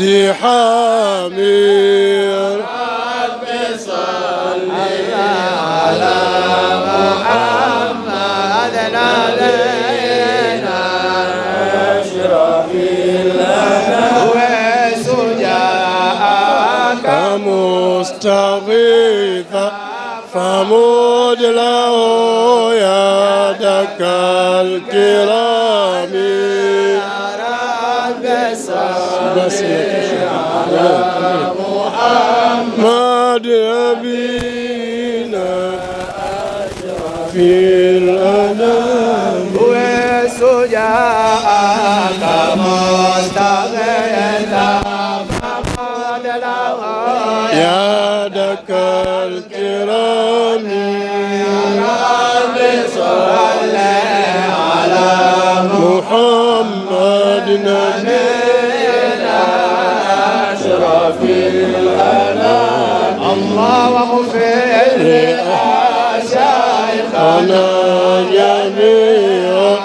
عندي حمير رب صل على محمد نبينا اشرف لنا وسجاك مستغيثا فمد له يدك الكرام بس محمد أبينا في الأنام وسجاءك مستغيثا فقد له يا دك الكرام يا رب صل على محمد نبي Her aşağı ana yanıyor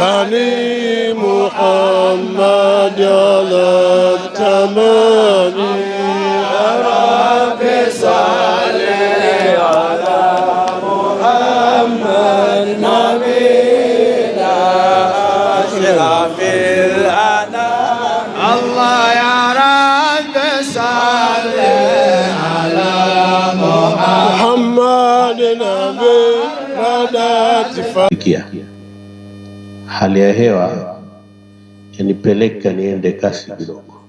Beni Muhammed yalan Hali ya hewa yanipeleka niende kasi kidogo.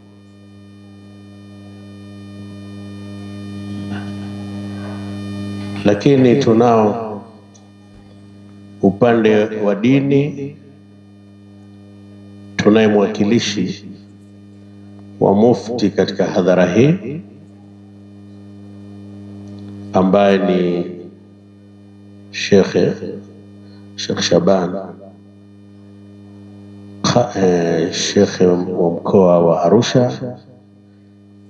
Lakini tunao upande wa dini, tunaye mwakilishi wa mufti katika hadhara hii ambaye ni Shekhe Shekh Shaban eh, shekhe wa mkoa wa Arusha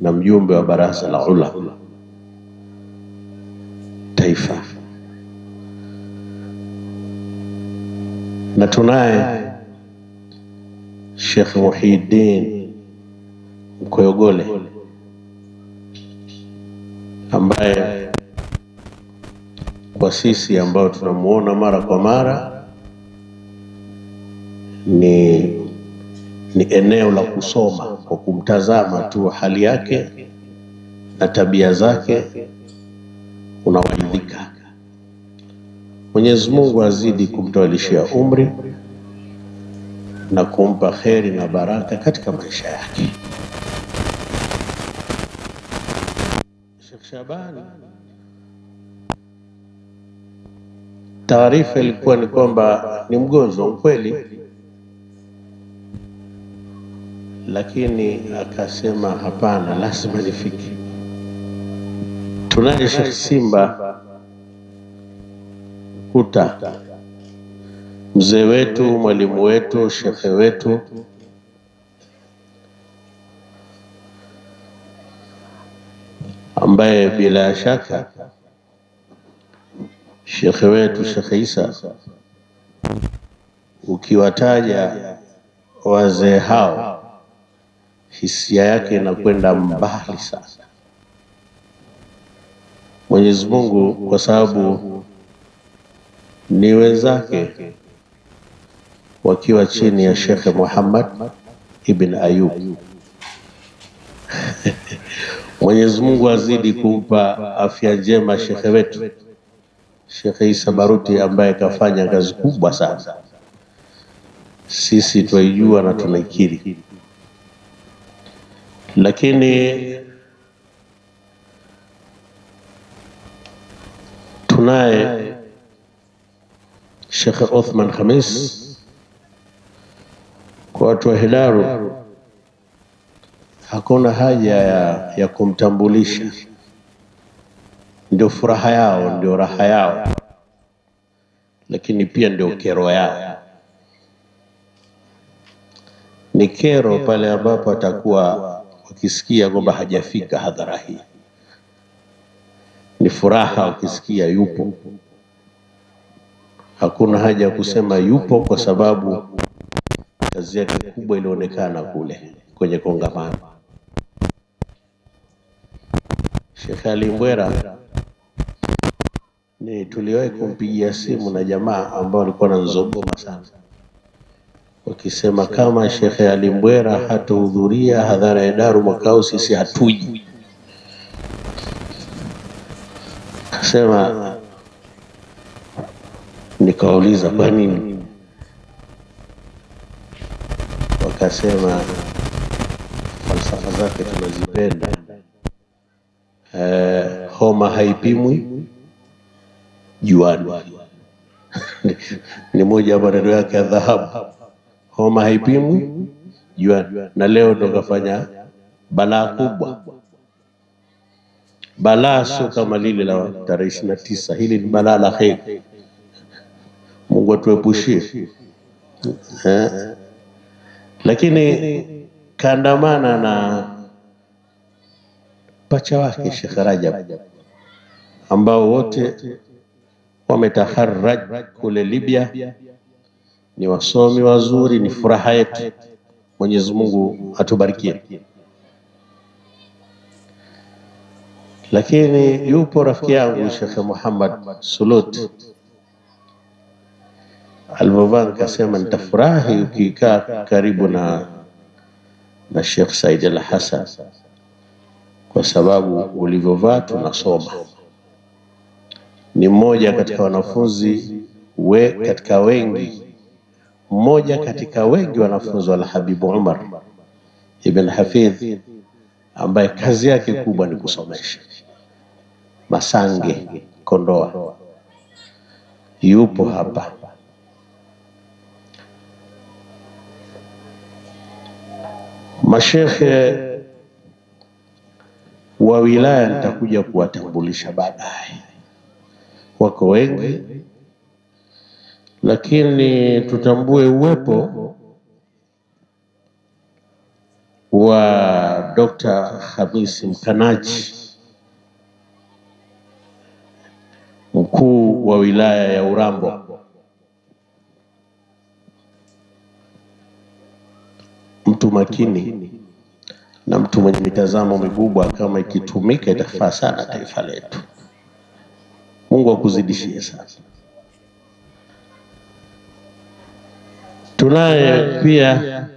na mjumbe wa baraza la ulama taifa, na tunaye shekhe Muhiddin Mkoyogole ambaye kwa sisi ambao tunamuona mara kwa mara ni, ni eneo la kusoma kwa kumtazama tu hali yake na tabia zake unawaidhika. Mwenyezi Mungu azidi kumtawalishia umri na kumpa kheri na baraka katika maisha yake Sheikh Shabani. taarifa ilikuwa ni kwamba ni mgonjwa ukweli, lakini akasema hapana, lazima nifike. Tunaye Sheikh Simba Kuta, mzee wetu, mwalimu wetu, shekhe wetu, ambaye bila shaka Shekhe wetu Shekhe Isa, ukiwataja wazee hao hisia yake inakwenda mbali sana. Mwenyezi Mungu kwa sababu ni wenzake wakiwa chini ya Shekhe Muhammad ibn Ayub Mwenyezi Mungu azidi kumpa afya njema shekhe wetu. Sheikh Isa Baruti ambaye kafanya kazi kubwa sana, sisi twaijua na tunaikiri, lakini tunaye Sheikh Othman Khamis kwa watu wa Hedaru hakuna haja ya, ya kumtambulisha ndio furaha yao, ndio raha yao, lakini pia ndio kero yao. Ni kero pale ambapo atakuwa wakisikia kwamba hajafika hadhara hii, ni furaha wakisikia yupo. Hakuna haja ya kusema yupo, kwa sababu kazi yake kubwa ilionekana kule kwenye kongamano. Sheikh Ali Mbwera Eh, tuliwahi kumpigia simu na jamaa ambao walikuwa wananizogoma sana, wakisema kama Shekhe Ali Mbwera hatohudhuria hadhara ya Daru mwaka huu sisi hatuji. akasema nikauliza kwa nini? Wakasema falsafa zake tunazipenda, eh, homa haipimwi juani ni moja ya maneno yake ya dhahabu, homa haipimwi juani. Na leo ndo kafanya balaa kubwa. Balaa sio kama lile la tarehe ishirini na tisa. Hili ni balaa la heri. Mungu atuepushie eh? Lakini kaandamana na pacha wake Sheikh Rajab ambao wote wametaharaj kule Libya, ni wasomi wazuri, ni furaha yetu. Mwenyezi Mungu atubarikie. Lakini yupo rafiki yangu Sheikh Muhammad Sulut, alivyovaa nikasema nitafurahi ukikaa karibu na na Sheikh Said Al Hasan, kwa sababu ulivyovaa tunasoma ni mmoja katika wanafunzi we, katika wengi mmoja katika wengi wanafunzi wa Alhabibu Umar ibn Hafidh ambaye kazi yake kubwa ni kusomesha Masange Kondoa, yupo hapa mashekhe wa wilaya, nitakuja kuwatambulisha baadaye wako wengi, lakini tutambue uwepo wa Dr. Hamisi Mkanaji, mkuu wa wilaya ya Urambo. Mtu makini na mtu mwenye mitazamo mikubwa, kama ikitumika itafaa sana taifa letu. Mungu akuzidishie sasa. Tunaye pia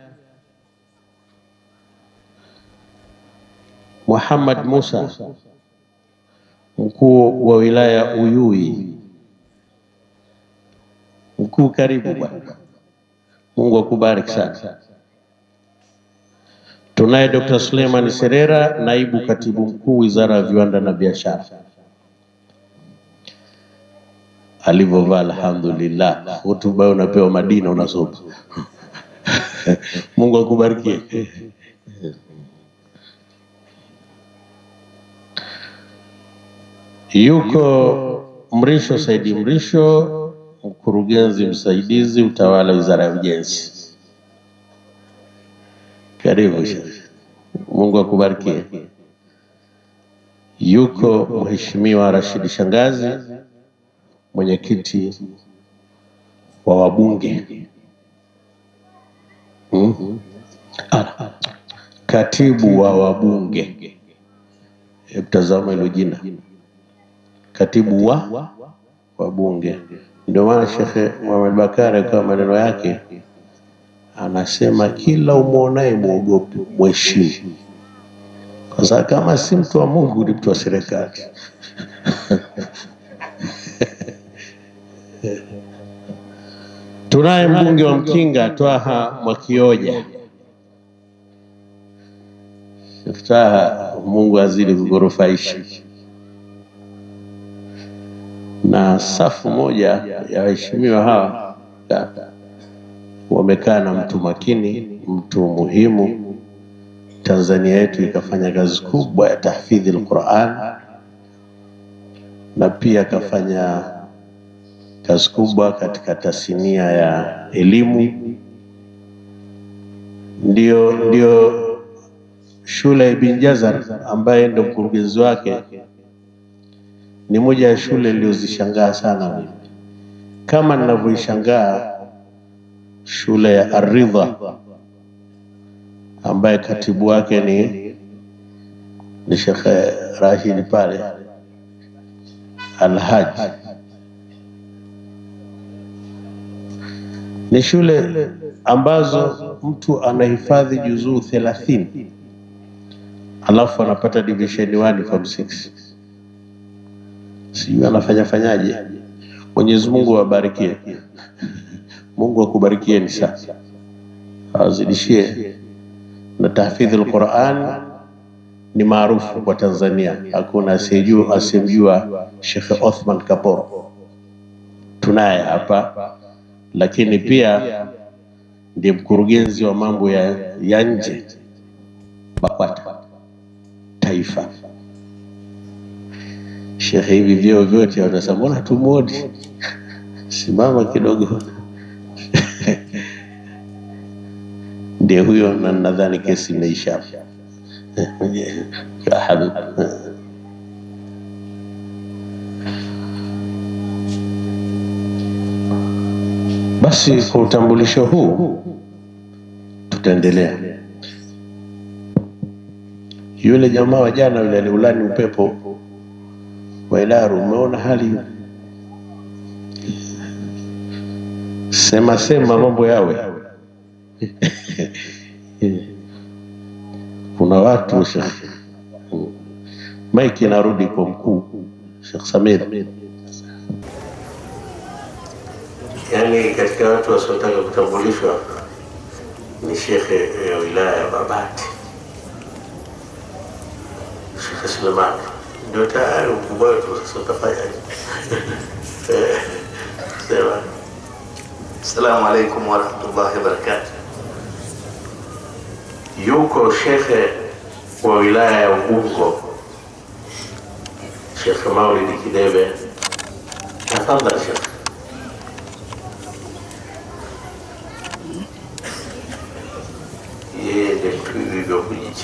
Muhammad Musa mkuu wa wilaya Uyui, mkuu, karibu bwana. Mungu akubariki sana. Tunaye Dr. Suleiman Serera, naibu katibu mkuu wizara ya viwanda na biashara alivyovaa alhamdulillah. Hotuba unapewa Madina unasoma Mungu akubarikie. Yuko Mrisho Saidi Mrisho, mkurugenzi msaidizi utawala, wizara ya ujenzi. Karibu, Mungu akubarikie. Yuko Mheshimiwa Rashidi Shangazi mwenyekiti wa wabunge hmm? ah, katibu wa wabunge. Hebu tazama hilo jina, katibu wa wabunge. Ndio maana Shekhe Muhammad Bakari kwa maneno yake anasema kila umwonaye mwogope, mheshimu, kwa sababu kama si mtu wa Mungu ni mtu wa serikali Tunaye mbunge wa Mkinga Twaha Mwakioja. Twaha, Mungu azidi kukurufaisha. Na safu moja ya waheshimiwa hawa wamekaa na mtu makini, mtu muhimu. Tanzania yetu ikafanya kazi kubwa ya tahfidhi al-Qur'an na pia akafanya kazi kubwa katika tasnia ya elimu. Ndio, ndio shule ya Ibn Jazar ambaye ndio mkurugenzi wake ni moja ya shule iliyozishangaa sana mimi, kama ninavyoishangaa shule ya aridha ambaye katibu wake ni ni Sheikh Rashid pale al ni shule ambazo mtu anahifadhi juzuu thelathini alafu anapata division 1 form 6. Sijui anafanya fanyaje. Mwenyezi Mungu awabarikie, Mungu akubarikieni sana, awazidishie na tahfidhi. Alquran ni maarufu kwa Tanzania, hakuna asiyemjua Sheikh Othman Kaporo, tunaye hapa lakini pia ndiye mkurugenzi wa mambo ya, ya nje BAKWATA taifa. Shehe, hivi vyeo vyote wanasema mbona tumwoni? Simama kidogo ndiye huyo, na nadhani kesi imeisha. Basi kwa utambulisho huu tutaendelea. Yule jamaa wa jana yule aliulani upepo wa Ilaru, umeona hali yule, sema sema mambo yawe kuna watu shekh, maiki narudi kwa mkuu Shekh Samir yaani katika watu wasiotaka kutambulishwa ni shekhe ya eh, wilaya ya Babati Shekhe Sulemani ndio tayari mkubwa wetu. Sasa utafanyaje? Sema assalamu alaikum warahmatullahi wabarakatu. Yuko shekhe wa wilaya ya Ubungo Shekhe Maulidi Kidebe, tafadhali shekhe.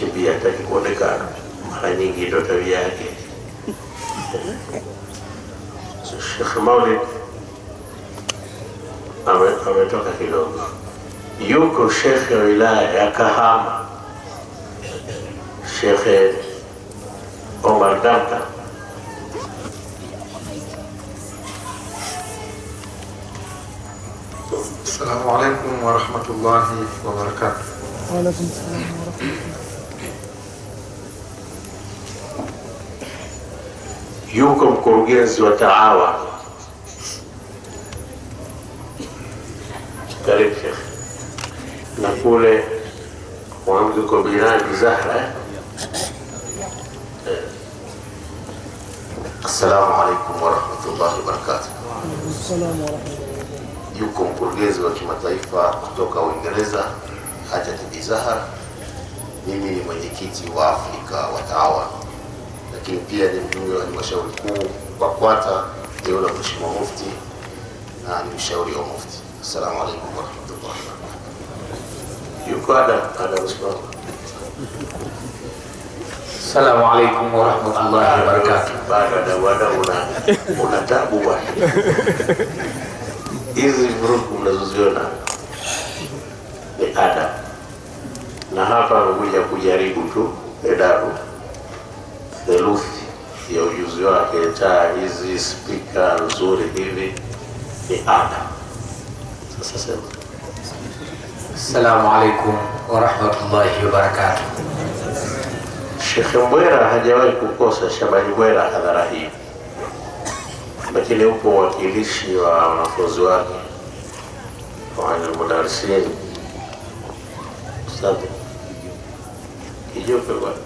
Sibia atakikonekana mara nyingi, ndio tabia yake. Sheikh Maulid ametoka kidogo, yuko shekhe wilaya ya Kahama, Shekhe Omar Danta Assalamu alaikum warahmatullahi wabarakatuh. Waalaikumsalam. yuko mkurugenzi wa taawa Karibu Sheikh. Na kule mwanamke uko Zahra Assalamu alaikum warahmatullahi wabarakatuh. Yuko mkurugenzi wa kimataifa kutoka Uingereza Hajat Bi Zahra. Mimi ni mwenyekiti wa Afrika wa taawa lakini pia ni mjumbe wa halmashauri kuu wa KWATA teule wa Mheshimiwa Mufti na ni mshauri wa Mufti. Assalamu alaikum warahmatullahi wabarakatuh. Yuko ada ada Mheshimiwa. Assalamu alaikum warahmatullahi wabarakatuh. Baada wada una una tabu bwana. Hizi vurugu mnazoziona ni ada, na hapa amekuja kujaribu tu edaru theluthi ya ujuzi wake, taa hizi, spika nzuri hivi, ni ada. Sasa sema, assalamu alaikum warahmatullahi wabarakatuh. Shekhe Mbwera hajawahi kukosa Shabani Mbwera hadhara hii, lakini upo uwakilishi wa wanafunzi wake wanamudarisin Kijupe bwana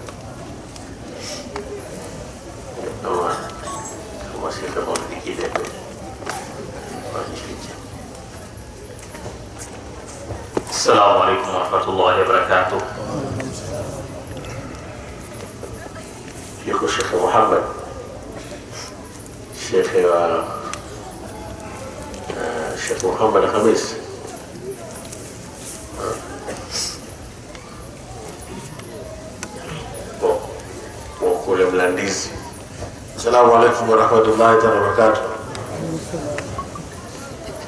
السلام عليكم ورحمة الله وبركاته شيخ الشيخ محمد الشيخ الشيخ آه، آه، محمد الخميس آه. وكل ملانديز السلام عليكم ورحمة الله وبركاته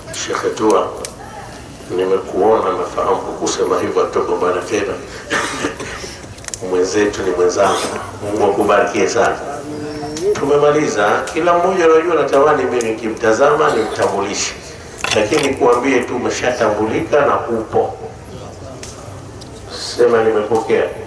الشيخ توا nimekuona nafahamu kusema hivyo hatutogombana tena mwenzetu ni mwenzangu mungu akubarikie sana tumemaliza kila mmoja unajua natamani mimi nikimtazama mtambulishi lakini kuambie tu umeshatambulika na upo sema nimepokea